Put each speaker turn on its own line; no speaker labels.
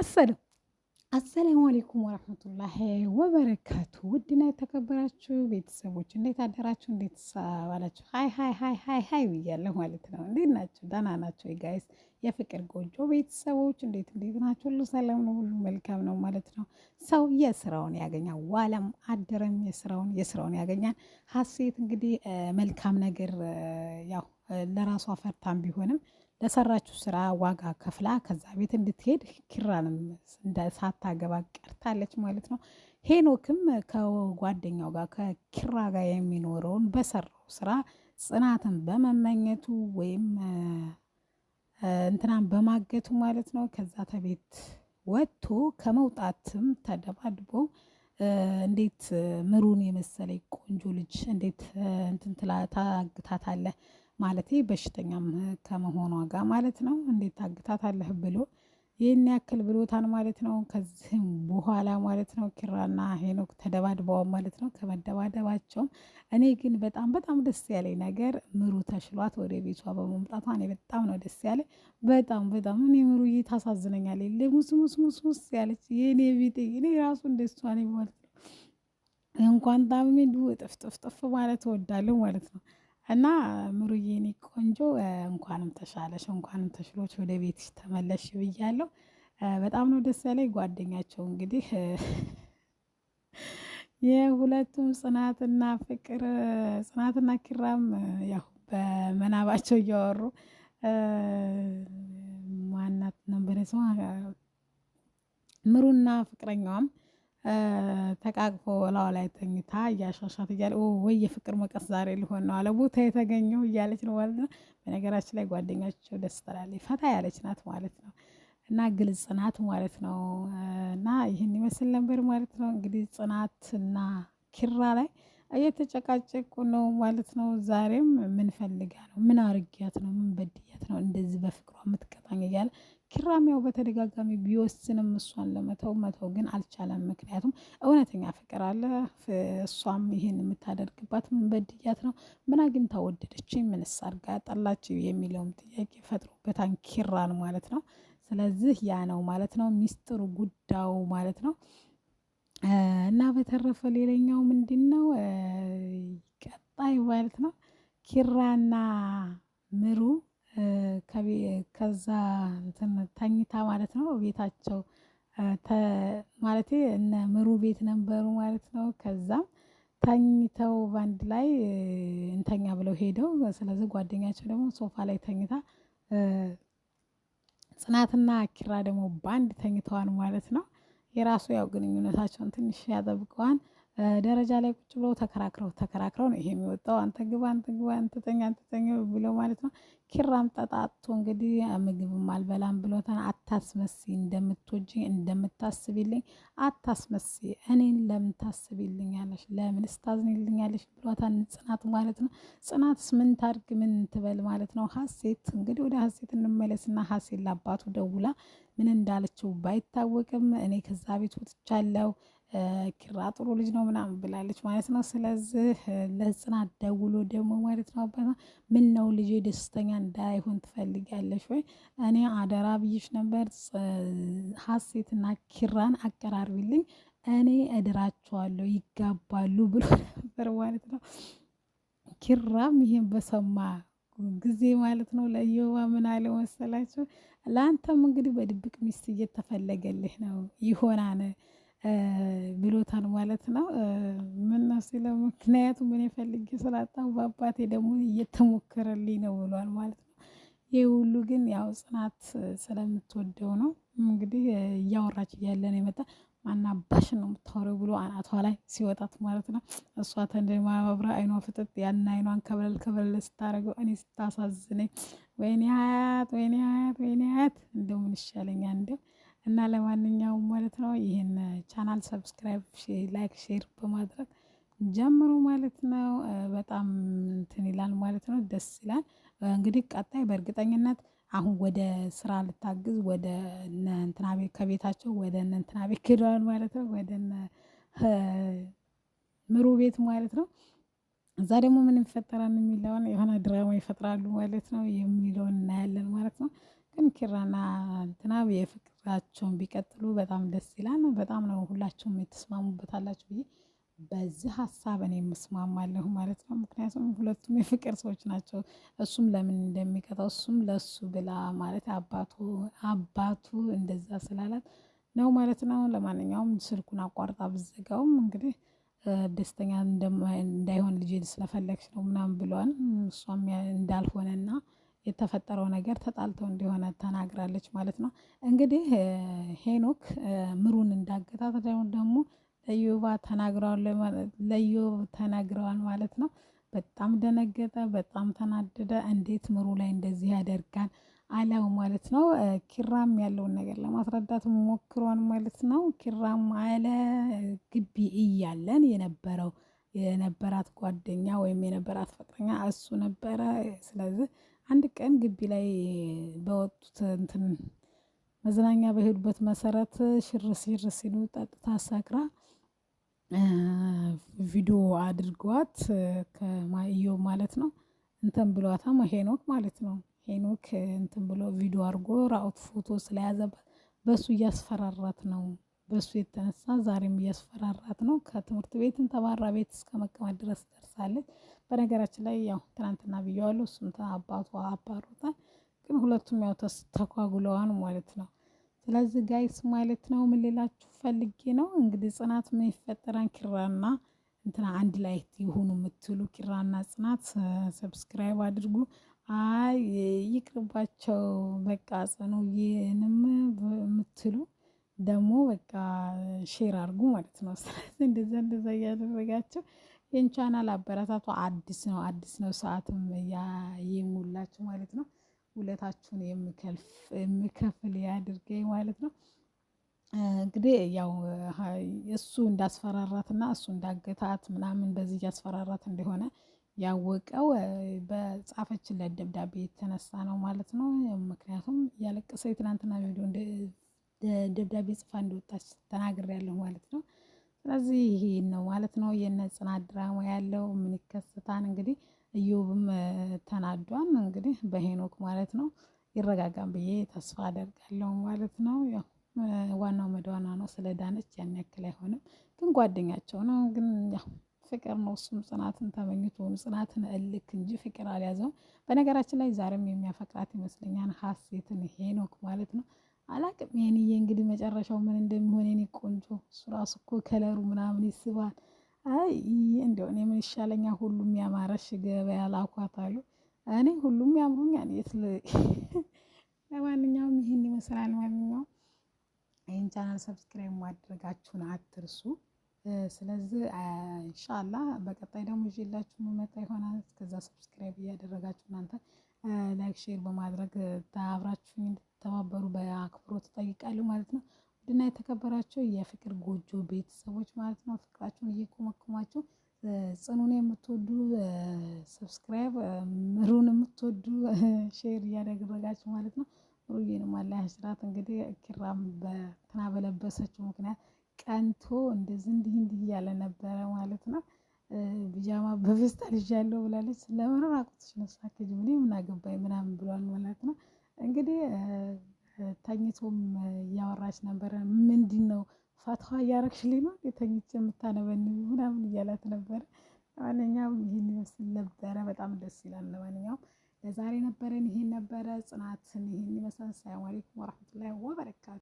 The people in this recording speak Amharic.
አሰላም አሰላሙ አሌይኩም ወረህመቱላሂ ወበረካቱ። ውድና የተከበራችሁ ቤተሰቦች እንዴት አደራችሁ? እንዴት ሳባላችሁ? ሀይ ሀይ ሀይ ሀይ ሀይ ብያለሁ ማለት ነው። እንዴት ናቸው? ደህና ናቸው ጋይስ? የፍቅር ጎጆ ቤተሰቦች እንዴት እንዴት ናቸው? ሁሉ ሰላም ነው፣ ሁሉ መልካም ነው ማለት ነው። ሰው የስራውን ያገኛል፣ ዋለም አደረም የስራውን የስራውን ያገኛል። ሀሴት እንግዲህ መልካም ነገር ያው ለራሷ ፈርታም ቢሆንም ለሰራችሁ ስራ ዋጋ ከፍላ ከዛ ቤት እንድትሄድ ኪራንም ሳታገባ ቀርታለች ማለት ነው። ሄኖክም ከጓደኛው ጋር ከኪራ ጋር የሚኖረውን በሰራው ስራ ጽናትን በመመኘቱ ወይም እንትናን በማገቱ ማለት ነው። ከዛ ተቤት ወጥቶ ከመውጣትም ተደባድቦ እንዴት ምሩን የመሰለኝ ቆንጆ ልጅ እንዴት እንትን ታግታታለህ ማለቴ በሽተኛም ከመሆኗ ጋር ማለት ነው። እንዴት ታግታታለህ ብሎ ይህን ያክል ብሎታን ማለት ነው። ከዚህም በኋላ ማለት ነው ኪራና ሄኖክ ተደባድበዋል ማለት ነው። ከመደባደባቸውም እኔ ግን በጣም በጣም ደስ ያለኝ ነገር ምሩ ተሽሏት ወደ ቤቷ በመምጣቷ እኔ በጣም ነው ደስ ያለ። በጣም በጣም እኔ ምሩ ታሳዝነኛል። የለ ሙስ ያለች የእኔ ቢጤ እኔ ራሱ እንደሷ ነኝ ማለት ነው። እንኳን ታምሜ ዱ ጥፍጥፍጥፍ ማለት እወዳለሁ ማለት ነው። እና ምሩዬ የኔ ቆንጆ እንኳንም ተሻለሽ፣ እንኳንም ተሽሎች ወደ ቤትሽ ተመለሽ ብያለሁ። በጣም ነው ደስ ያለኝ። ጓደኛቸው እንግዲህ የሁለቱም ጽናትና ፍቅር ጽናትና ኪራም ያው በመናባቸው እያወሩ ማናት ነበረ ሰው ምሩና ፍቅረኛዋም ተቃቅፎ እላዋ ላይ ተኝታ እያሻሻት እያለ ወይ የፍቅር መቀስ ዛሬ ሊሆን ነው አለ ቦታ የተገኘው እያለች ነው ማለት ነው። በነገራችን ላይ ጓደኛቸው ደስ ትላለች፣ ፈታ ያለች ናት ማለት ነው እና ግልጽ ናት ማለት ነው። እና ይህን ይመስል ነበር ማለት ነው። እንግዲህ ጽናት እና ኪራ ላይ እየተጨቃጨቁ ነው ማለት ነው። ዛሬም ምን ፈልጋ ነው? ምን አርጊያት ነው? ምን በድያት ነው እንደዚህ በፍቅሯ የምትቀጣኝ እያለ ኪራም ያው በተደጋጋሚ ቢወስንም እሷን ለመተው መተው ግን አልቻለም። ምክንያቱም እውነተኛ ፍቅር አለ። እሷም ይህን የምታደርግባት ምን በድያት ነው? ምን አግኝታ ወደደች? ምንስ የሚለውም ጥያቄ ፈጥሮበታን ኪራን ማለት ነው። ስለዚህ ያ ነው ማለት ነው ሚስጥሩ ጉዳዩ ማለት ነው። እና በተረፈ ሌላኛው ምንድን ነው ቀጣይ ማለት ነው ኪራና ምሩ ከዛ እንትን ተኝታ ማለት ነው ቤታቸው ማለት እነ ምሩ ቤት ነበሩ ማለት ነው። ከዛም ተኝተው ባንድ ላይ እንተኛ ብለው ሄደው፣ ስለዚህ ጓደኛቸው ደግሞ ሶፋ ላይ ተኝታ ጽናትና ኪራ ደግሞ ባንድ ተኝተዋል ማለት ነው። የራሱ ያው ግንኙነታቸውን ትንሽ ያጠብቀዋል። ደረጃ ላይ ቁጭ ብለው ተከራክረው ተከራክረው ነው ይሄ የሚወጣው። አንተ ግባ፣ አንተ ግባ፣ አንተ ተኛ፣ አንተ ተኛ ብለው ማለት ነው። ኪራም ጠጣቶ እንግዲህ ምግብም አልበላም ብሎታን። አታስመሲ፣ እንደምትወጂ እንደምታስቢልኝ አታስመሲ፣ እኔን ለምን ታስቢልኛለሽ? ለምንስ ታዝኒልኛለሽ? ብሎታል ጽናት ማለት ነው። ጽናትስ ምን ታድርግ ምን ትበል ማለት ነው። ሀሴት እንግዲህ ወደ ሀሴት እንመለስና ሀሴት ለአባቱ ደውላ ምን እንዳለችው ባይታወቅም እኔ ከዛ ቤት ወጥቻለሁ ኪራ ጥሩ ልጅ ነው ምናምን ብላለች ማለት ነው። ስለዚህ ለጽናት ደውሎ ደግሞ ማለት ነው አባቷ ምን ነው ልጅ ደስተኛ እንዳይሆን ትፈልጋለች ወይ? እኔ አደራ ብይሽ ነበር ሀሴትና ኪራን አቀራርቢልኝ እኔ እድራቸዋለሁ ይጋባሉ ብሎ ነበር ማለት ነው። ኪራም ይሄን በሰማ ጊዜ ማለት ነው ለየዋ ምን አለ መሰላቸው፣ ለአንተም እንግዲህ በድብቅ ሚስት እየተፈለገልህ ነው ይሆናል ብሎታል ማለት ነው። ምን ነው ስለ ምክንያቱም እኔ ፈልጌ ስላጣሁ በአባቴ ደግሞ እየተሞከረልኝ ነው ብሏል ማለት ነው። ይህ ሁሉ ግን ያው ጽናት ስለምትወደው ነው እንግዲህ እያወራች እያለ ነው የመጣ ማና ባሽ ነው የምታወረው ብሎ አናቷ ላይ ሲወጣት ማለት ነው። እሷ ተንደ ተንደማብራ አይኗ ፍጥጥ ያን አይኗን ከበለል ከበለል ስታደርገው እኔ ስታሳዝነኝ፣ ወይኔ ሀያት፣ ወይኔ ሀያት፣ ወይኔ ሀያት እንደምን ይሻለኛ እንደው እና ለማንኛውም ማለት ነው ይህን ቻናል ሰብስክራይብ፣ ላይክ፣ ሼር በማድረግ ጀምሩ ማለት ነው። በጣም እንትን ይላል ማለት ነው፣ ደስ ይላል። እንግዲህ ቀጣይ በእርግጠኝነት አሁን ወደ ስራ ልታግዝ ወደ እንትና ቤት ከቤታቸው ወደ እንትና ቤት ሄደዋል ማለት ነው፣ ወደ ምሩ ቤት ማለት ነው። እዛ ደግሞ ምን ይፈጠራል የሚለውን የሆነ ድራማ ይፈጥራሉ ማለት ነው የሚለውን እናያለን ማለት ነው። ግን ኪራና እንትና የፍቅራቸውን ቢቀጥሉ በጣም ደስ ይላል። በጣም ነው ሁላችሁም የተስማሙበታላችሁ ብዬ በዚህ ሀሳብ እኔ የምስማማለሁ ማለት ነው። ምክንያቱም ሁለቱም የፍቅር ሰዎች ናቸው። እሱም ለምን እንደሚቀጣው እሱም ለእሱ ብላ ማለት አባቱ አባቱ እንደዛ ስላላት ነው ማለት ነው። ለማንኛውም ስልኩን አቋርጣ ብዘጋውም እንግዲህ ደስተኛ እንዳይሆን ልጅ ስለፈለግሽ ነው ምናምን ብሏል። እሷም እንዳልሆነና የተፈጠረው ነገር ተጣልተው እንደሆነ ተናግራለች ማለት ነው። እንግዲህ ሄኖክ ምሩን እንዳገታት ደግሞ ለዮባ ተናግረዋል ማለት ነው። በጣም ደነገጠ፣ በጣም ተናደደ። እንዴት ምሩ ላይ እንደዚህ ያደርጋል አለው ማለት ነው። ኪራም ያለውን ነገር ለማስረዳት ሞክሯን ማለት ነው። ኪራም አለ ግቢ እያለን የነበረው የነበራት ጓደኛ ወይም የነበራት ፍቅረኛ እሱ ነበረ። ስለዚህ አንድ ቀን ግቢ ላይ በወጡት እንትን መዝናኛ በሄዱበት መሰረት ሽር ሲር ሲሉ ጠጥታ አሳክራ ቪዲዮ አድርጓት ከማዮ ማለት ነው እንትን ብሏታም ሄኖክ ማለት ነው። ሄኖክ እንትን ብሎ ቪዲዮ አድርጎ ራኦት ፎቶ ስለያዘባት በእሱ እያስፈራራት ነው። በእሱ የተነሳ ዛሬም እያስፈራራት ነው። ከትምህርት ቤትም ተባራ ቤት እስከ መቀመጥ ድረስ ደርሳለች። በነገራችን ላይ ያው ትናንትና ብየዋለሁ፣ እሱም አባቷ አባሮታል። ግን ሁለቱም ያው ተስተኳጉለዋን ማለት ነው። ስለዚህ ጋይስ ማለት ነው ምን ሌላችሁ ፈልጌ ነው እንግዲህ ጽናት ምን ይፈጠራን ኪራና እንትና አንድ ላይ የሆኑ የምትሉ ኪራና ጽናት ሰብስክራይብ አድርጉ። አይ ይቅርባቸው በቃ ይህንም የምትሉ ደግሞ በቃ ሼር አድርጉ ማለት ነው። ስለዚህ እንደዚ እንደዛ እያደረጋቸው ይህን ቻናል አበረታቱ። አዲስ ነው አዲስ ነው ሰዓትም የሞላችሁ ማለት ነው። ውለታችሁን የምከፍል ያድርገኝ ማለት ነው። እንግዲህ ያው እሱ እንዳስፈራራትና እሱ እንዳገታት ምናምን በዚህ እያስፈራራት እንደሆነ ያወቀው በጻፈችለት ደብዳቤ የተነሳ ነው ማለት ነው። ምክንያቱም እያለቀሰ የትናንትና ቪዲዮ ደብዳቤ ጽፋ እንደወጣች ያለሁ ማለት ነው። ስለዚህ ይሄን ነው ማለት ነው የነ ጽናት ድራማ ያለው ምን ይከሰታል እንግዲህ። እዮብም ተናዷን እንግዲህ በሄኖክ ማለት ነው ይረጋጋም ብዬ ተስፋ አደርጋለሁ ማለት ነው። ያው ዋናው መድዋና ነው ስለ ዳነች ያን ያክል አይሆንም፣ ግን ጓደኛቸው ነው። ግን ያው ፍቅር ነው እሱም ጽናትን ተመኝቶ ጽናትን እልክ እንጂ ፍቅር አልያዘውም። በነገራችን ላይ ዛሬም የሚያፈቅራት ይመስለኛል ሀሴትን ሄኖክ ማለት ነው። አላቅም። የኔዬ እንግዲህ መጨረሻው ምን እንደሚሆን የኔ ቆንጆ፣ እሱ ራሱ እኮ ከለሩ ምናምን ይስባል። አይ እንደው እኔ ምን ይሻለኛ፣ ሁሉም ያማረሽ ገበያ ላኳት አሉ። እኔ ሁሉም ያምሩኛል። የት ለማንኛውም ይህን ይመስላል። ማንኛውም ይህን ቻናል ሰብስክራይብ ማድረጋችሁን አትርሱ። ስለዚህ ኢንሻአላህ በቀጣይ ደግሞ ይዤላችሁ መመጣ ይሆናል። እስከዛ ሰብስክራይብ እያደረጋችሁ እናንተ ላይክ ሼር በማድረግ አብራችሁን እንድትተባበሩ በአክብሮት እጠይቃለሁ ማለት ነው። ውድና የተከበራቸው የፍቅር ጎጆ ቤተሰቦች ማለት ነው ፍቅራችሁን እየኮመኮማችሁ ጽኑን የምትወዱ ሰብስክራይብ፣ ምሩን የምትወዱ ሼር እያደረጋችሁ ማለት ነው። ምሩዬንም አላ ስራት እንግዲህ ኪራም በትና በለበሰችው ምክንያት ቀንቶ እንደዚህ እንዲህ እንዲህ እያለ ነበረ ማለት ነው። ቢጃማ በፌስታል ይዣለሁ ብላለች። ለምን ራቁትሽ ነሳ ከጅ ምን ምናገባኝ ምናምን ብሏል ማለት ነው። እንግዲህ ተኝቶም እያወራች ነበረ። ምንድን ነው ፋትዋ እያረግሽልኝ ነው የተኝቼ የምታነበን ምናምን እያላት ነበረ። ለማንኛውም ይህን ይመስል ነበረ። በጣም ደስ ይላል። ለማንኛውም ለዛሬ ነበረን ይህን ነበረ ጽናትን ይህን ይመስላል። ሰላም አለይኩም ወረሕመቱላሂ ወበረካቱ